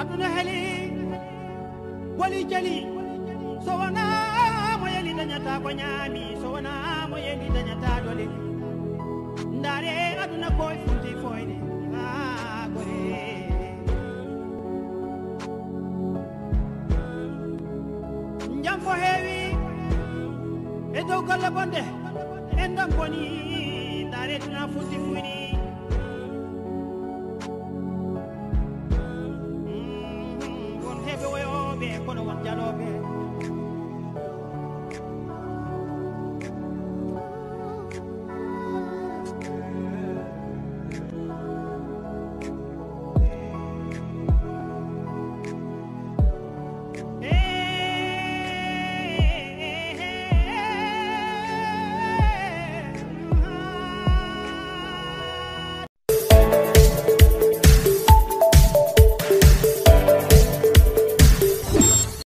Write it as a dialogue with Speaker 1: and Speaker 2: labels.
Speaker 1: aduna heli woli jali so wona moyeli danyata dañata so wona moyeli danyata dañata dole ndaare aduna koi futi foini, ha gore jam fo heewi e dow golle bonde en dam boni ndaare duna fuuti fuyni